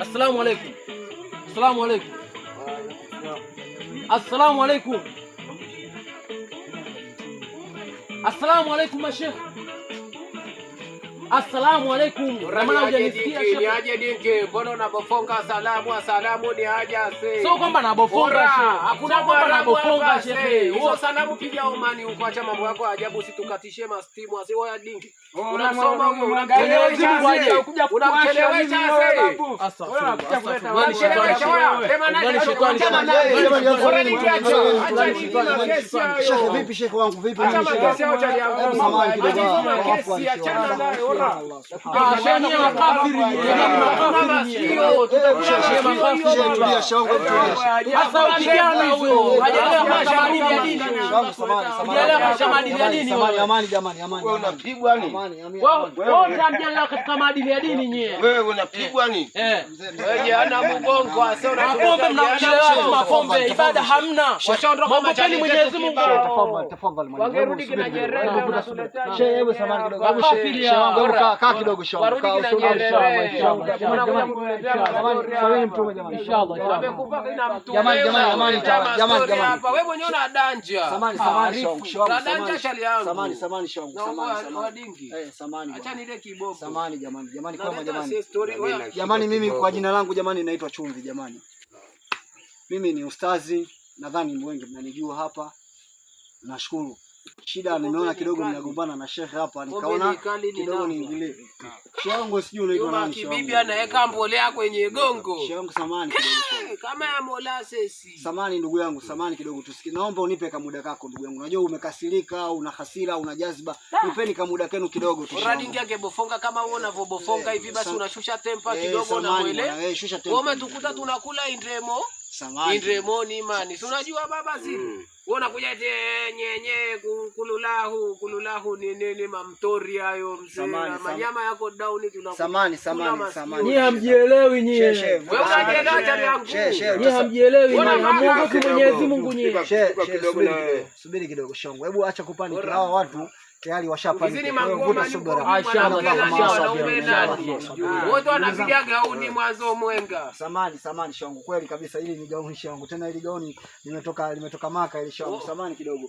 السلام عليكم السلام عليكم السلام عليكم السلام عليكم يا شيخ Assalamu alaikum. Kama hujanisikia ni aje dinki, mbona unabofonga? Salamu asalamu ni aje ase. Sio kwamba nabofonga shehe. Hakuna kwamba nabofonga shehe. Hizo salamu piga omani huko, acha mambo yako ajabu, situkatishe mastimu ase. Oya dinki. Unasoma huyo, unamchelewesha aje? Unamchelewesha ase. Unamchelewesha wewe. Sema nani? Sema nani? Bora ni acha. Acha ni. Shehe vipi shehe wangu vipi? Acha makesi au Acha makesi achana mjadala katika maadili ya dini nyie. Wewe unapigwa nini? Wewe mgongo asa ibada hamna. Washaondoka Mwenyezi Mungu. Wangerudi kina Jeremia Shamu, kaa kidogo Jamani, mimi kwa jina langu jamani naitwa Chumvi jamani. Mimi ni ustazi, nadhani wengi mnanijua hapa. Nashukuru shida nimeona kidogo mnagombana na shehe hapa, nikaona kidogo niingilie. Shehe wangu, sijui unaitwa nani? Shehe bibi anaweka mbolea kwenye gongo. Shehe wangu, samani kama ya molasses. Samani ndugu yangu, samani kidogo, tusikie. Naomba unipe kamuda kako ndugu yangu, unajua umekasirika, una hasira, una jazba, ah! nipeni kamuda kenu kidogo tu. Radi ningia kebofonga kama wewe unavobofonga eh, hivi, basi unashusha tempa eh, kidogo, na mwele. Eh, wewe umetukuta tunakula indremo indremoni imani si unajua baba si mm. Unakuja te nyenye kululahu kululahu ni nini mamtori hayo mzee, manyama yako tunakula samani samani samani. Ni hamjielewi nyie, wewe unajielewa cha yangu ni hamjielewi nyie, hamuogopi Mwenyezi Mungu nyie. Subiri kidogo shongo, hebu acha kupani kwa watu tayari wote wanapiga gauni mwanzo mwenga. Samani, samani shangu kweli kabisa. ili ni gauni shangu tena ili gauni limetoka limetoka Maka, hili Samani oh. kidogo.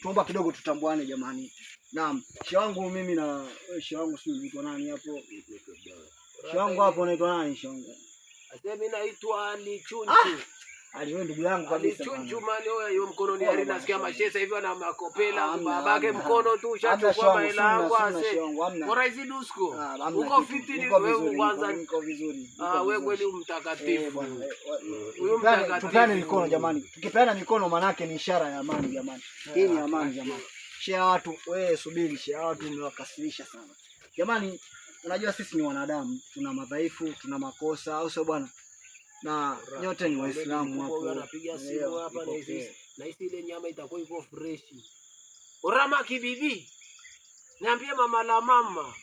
tuomba kidogo tutambuane jamani. Naam, shehe wangu mimi na eh, shehe wangu si unaitwa nani hapo? Shehe wangu hapo unaitwa nani shehe wangu? Asema mimi naitwa ni Chunchi. Ah! Aliyo ndugu yangu kabisa. Chunchuma leo hiyo mkono ni ali nasikia mashesa hivi ana makopela babake mkono tu ushachukua hela yangu ase. Bora hizi dusko. Ah, Uko fiti ni wewe kwanza niko vizuri. Ah wewe kweli umtakatifu. Huyo mtakatifu. Tupeane mikono jamani. Tukipeana mikono manake ni ishara ya amani jamani. Eh, Hii ni amani jamani. Shia watu, wewe subiri, shia watu umewakasirisha sana. Jamani, unajua sisi ni wanadamu, tuna madhaifu, tuna makosa, au sio bwana? na nyote ni Waislamu hapo. Anapiga simu hapa na hizi na hizi, ile nyama itakuwa iko fresh. Urama kibibi, niambie mama la mama,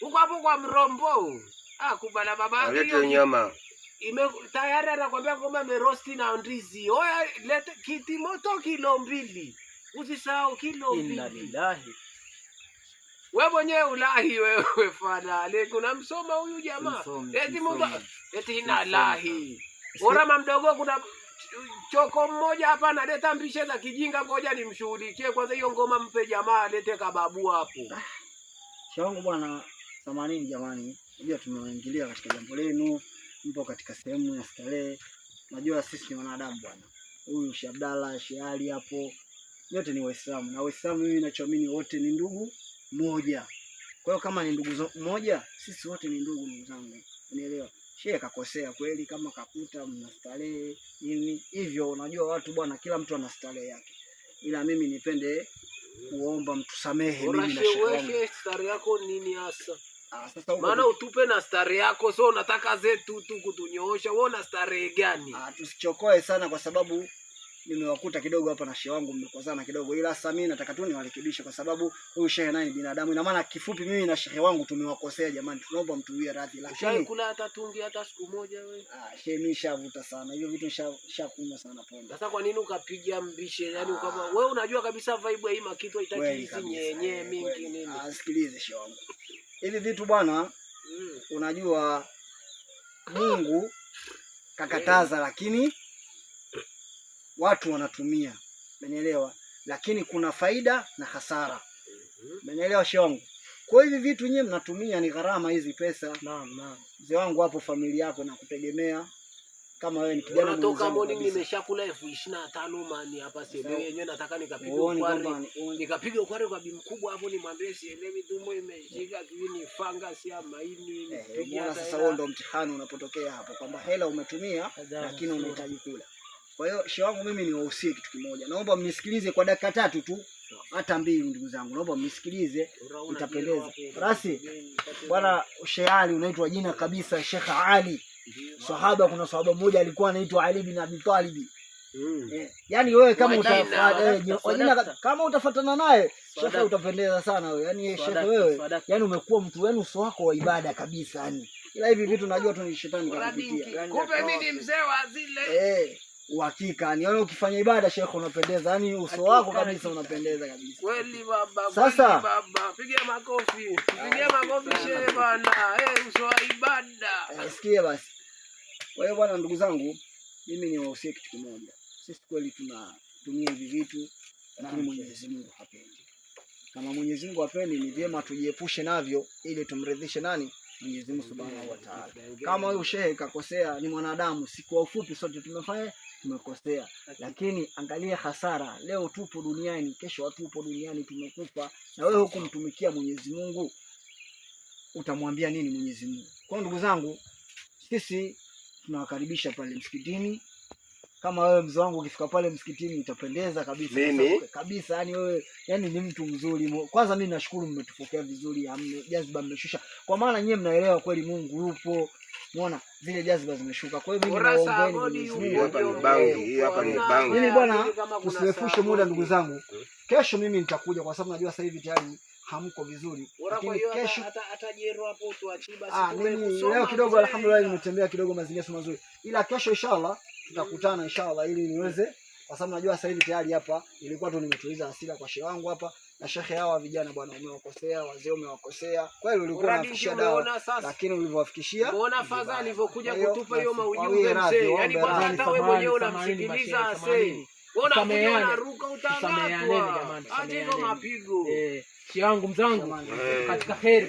uko hapo kwa mrombo ah, kubala baba alete nyama ime tayari, anakwambia kwamba amerosti na ndizi. Oya, lete kiti moto kilo mbili, usisahau kilo mbili. Inna lillahi wewe mwenyewe ulahi wewe falale, kuna msoma huyu jamaa eti Mungu eti ina lahi Ora mamdogo Kuna choko mmoja hapa analeta mbishe za kijinga, ngoja nimshuhudikie kwanza. Hiyo ngoma mpe jamaa alete kababu hapo. Ah, Shangu bwana, samanini jamani, najua tumewaingilia katika jambo lenu, mpo katika sehemu ya starehe. Najua sisi ni wanadamu bwana, huyu Shabdala Shiali hapo, yote ni Waislamu na Waislamu, mimi nachoamini wote ni ndugu moja. Kwa hiyo kama ni ndugu moja, sisi wote ni ndugu, ndugu zangu, unielewa. Shehe kakosea kweli, kama kakuta starehe nini hivyo. Unajua watu bwana, kila mtu ana starehe yake, ila mimi nipende kuomba mtusamehe mimi na shehe. Starehe yako nini hasa? Ah, Maana utupe na starehe yako, so unataka zetu tu kutunyoosha. Wewe una starehe gani? Ah, tusichokoe sana kwa sababu nimewakuta kidogo hapa na shehe wangu mmekozana kidogo, ila sasa mimi nataka tu niwarekebishe, kwa sababu huyu shehe naye ni binadamu. Ina maana kifupi, mimi na shehe wangu tumewakosea jamani, tunaomba mtuwie radhi. Lakini kuna hata tungi hata siku moja wewe? Ah, shehe mimi shavuta sana hivyo vitu, shakunywa sana pombe. Sasa kwa nini ukapiga mbishe? Yani ukama wewe unajua kabisa vibe hii makitu itaki hizi nyenye mingi nini. Ah, sikilize shehe wangu, hivi vitu bwana, mm. unajua Mungu kakataza lakini watu wanatumia, umeelewa? Lakini kuna faida na hasara, mhm. umenielewa shehe wangu? Kwa hivi vitu nyinyi mnatumia ni gharama hizi pesa. Naam, naam. Mzee wangu hapo, familia yako nakutegemea kama wewe ni kijana mmoja. Natoka morning nimeshakula elfu ishirini na tano mani hapa sio yenyewe, nataka nikapige ukwari. Nikapiga ukwari kwa bibi mkubwa hapo, nimwambie sielewi dumo imeshika kivi ni fanga si maini. Eh, sasa huo ndio mtihani unapotokea hapo kwamba hela umetumia lakini unahitaji kula. Kwa hiyo shehe wangu mimi niwahusie kitu kimoja, naomba mnisikilize kwa dakika tatu tu hata mbili, ndugu zangu, naomba mnisikilize, nitapendeza rasi. Bwana Sheikh Ali unaitwa jina kabisa, Sheikh Ali sahaba. Kuna sahaba mmoja alikuwa anaitwa Ali bin Abi Talib. Mm. Yaani wewe kama utafuata eh, kama utafuatana naye shekhe utapendeza sana wewe. Yaani shekhe wewe, yaani umekuwa mtu wenu uso wako wa ibada kabisa yani. Ila hivi vitu najua tu ni shetani kakupitia. Kumbe mimi ni mzee wa zile. Eh uhakika ni wewe ukifanya ibada shekhe, unapendeza yani, uso wako kabisa unapendeza kabisa. Kweli baba, sasa baba, pigia makofi, pigia makofi ah, shekhe bwana, eh, uso wa ibada. Eh, sikia basi. Kwa hiyo bwana, ndugu zangu, mimi niwahusie kitu kimoja, sisi kweli tunatumia hivi vitu, lakini ah, Mwenyezi Mungu hapendi. Kama Mwenyezi Mungu hapendi, ni vyema tujiepushe navyo ili tumridhishe nani? Mwenyezi Mungu Subhanahu wa Ta'ala. Kama huyu shehe kakosea, ni mwanadamu, siku ufupi sote tumefanya tumekosea, lakini angalia hasara. Leo tupo duniani, kesho hatupo duniani, tumekufa. Na wewe hukumtumikia Mwenyezi Mungu, utamwambia nini Mwenyezi Mungu? Kwa ndugu zangu, sisi tunawakaribisha pale msikitini. Kama wewe mzee wangu, ukifika pale msikitini utapendeza kabisa mimi kabisa, yani wewe, yani ni mtu mzuri. Kwanza mimi nashukuru mmetupokea vizuri, hamna jazba, mmeshusha, kwa maana nyewe mnaelewa kweli Mungu yupo. Unaona zile jazba zimeshuka. Kwa hiyo mimi nawaombeeni, hii yaani hapa ni bangi, hii hapa ni bangi. Mimi yaani bwana, msirefushe muda ndugu zangu, kesho mimi nitakuja, kwa sababu najua sasa hivi tayari hamko vizuri, lakini kesho ah, mimi leo kidogo, alhamdulillah, nimetembea kidogo, mazingira si mazuri, ila kesho inshallah tutakutana inshallah, ili niweze, kwa sababu najua sasa hivi tayari hapa ilikuwa tu nimetuliza hasira kwa shehe wangu hapa na shehe, hawa vijana bwana, umewakosea wazee, umewakosea kweli. Ulikuwa unafikisha dawa, lakini ulivyowafikishia, unaona fadhali alivyokuja kutupa hiyo maujumbe mzee, yani bwana, hata wewe mwenyewe unamsikiliza asei, wewe ruka utang'atwa, hata hizo mapigo eh, rafiki yangu mzangu, katika heri,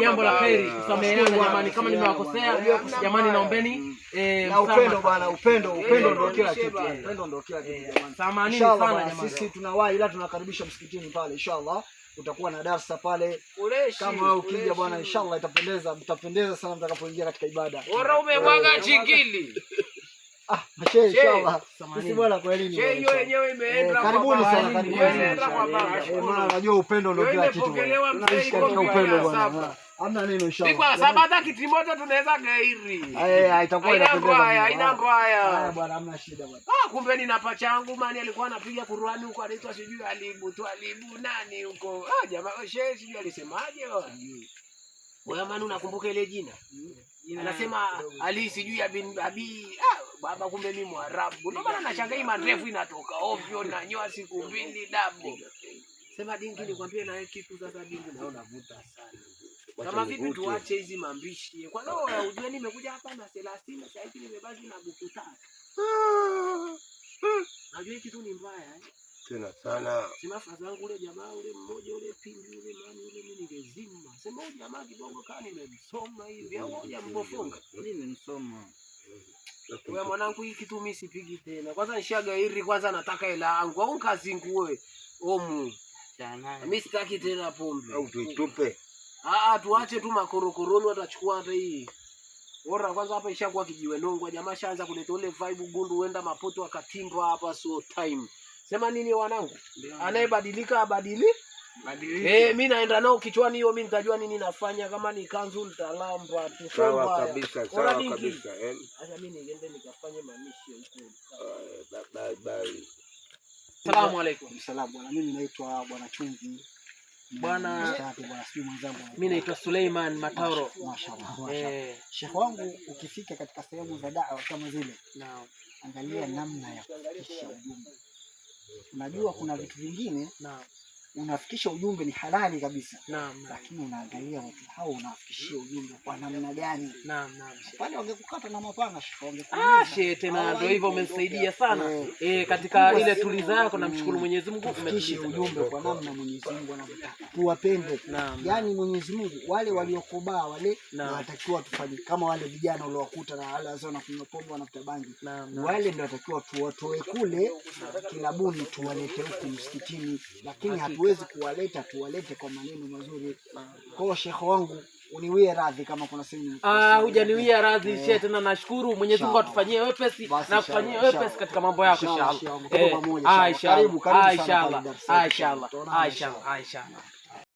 jambo la heri, kusameheana jamani, kama nimewakosea jamani, naombeni eh, upendo bwana, upendo, upendo eh, ndio kila kitu, upendo ndio kila kitu eh, jamani. Samahani sana jamani, sisi tunawahi, ila tunakaribisha msikitini pale, inshallah utakuwa na darsa pale. Kama wewe ukija bwana, inshallah itapendeza, mtapendeza sana mtakapoingia katika ibada. Bora umemwaga chingili Ah, hiyo yenyewe imeenda. Eh, karibuni eh, Najua upendo ndio kila kitu. Hamna neno inshallah. Kwa yaani sababu kitimoto tunaweza gairi. Eh, itakuwa inapendeza. Haina mbaya. Ah, haya bwana, hamna shida bwana. Ah, kumbe nina pacha yangu mani alikuwa anapiga kuruani huko anaitwa sijui Alibu, tu Alibu nani huko. Ah, jamaa shehe sijui alisemaje mm. Wewe mani unakumbuka ile jina? Mm anasema Ali sijui ya bin Abi. Ah, baba kumbe mimi Mwarabu. Ndio maana nashangaa marefu inatoka ovyo na nyoa siku mbili dabo. Sema dingi nikwambie na kitu sasa dingi naona unavuta sana. Kama vipi tuache hizi mambishi. Kwa nini unajua nimekuja hapa na 30 sasa hivi nimebaki na buku tatu. Ah, ah. Najua kitu ni mbaya eh. Tena sana. Sima fadhangu ule jamaa ule mmoja ule Mbona jamaa kidogo kaa nimemsoma hivi au moja mbofonga. Mimi nimemsoma. Wewe mwanangu, hii kitu mimi sipigi tena. Kwanza nishaga hili kwanza, nataka hela yangu au kazi nguwe omu. Mimi sitaki tena pombe. Au tuitupe. Ah, ah tuache tu makorokoroni watachukua hata hii. Ora kwanza hapa ishakuwa kijiwe nongwa, jamaa shaanza kuleta ile vibe gundu, wenda mapoto akatimba hapa, so time. Sema nini wanangu? Anayebadilika abadilike. Eh, mimi naenda nao kichwani hiyo, mimi nitajua nini nafanya. Kama ni kanzu nitalamba tu. Sawa kabisa, sawa kabisa. Eh. Acha mimi niende nikafanye mamisho huko. Bye bye. Asalamu alaykum. Asalamu bwana, mimi naitwa Bwana Chungi. Bwana mimi naitwa Suleiman Mataro. Mashaallah. Eh, Sheikh wangu ukifika katika sehemu za da'wa kama zile. Naam. Angalia namna ya kufikisha ujumbe. Unajua kuna vitu vingine. Naam unafikisha ujumbe ni halali kabisa. Naam, lakini unaangalia watu hao unawafikishia ujumbe kwa namna gani? Naam, naam. Pale wangekukata na mapanga ah, shehe, tena ndio hivyo. Umenisaidia sana eh, katika ile tuliza yako, na mshukuru Mwenyezi Mungu, umetuliza ujumbe kwa namna Mwenyezi Mungu anavyotaka tuwapende. Naam, yaani Mwenyezi Mungu wale waliokobaa wale wanatakiwa tufanye kama wale vijana uliowakuta na wale wazao na kunywa pombe wanavuta bangi, wale ndio watakiwa tuwatoe kule kilabuni tuwalete huku msikitini, lakini huwezi kuwaleta tuwalete kwa maneno mazuri. Kwa hiyo shekho wangu uniwie radhi kama kuna sehemu ah, hujaniwia radhi shehe. Eh. Tena nashukuru Mwenyezi Mungu atufanyie wepesi na kufanyie wepesi katika mambo yako inshallah. Eh, ah, karibu karibu sana. Ah, ah, inshallah. Inshallah. Inshallah.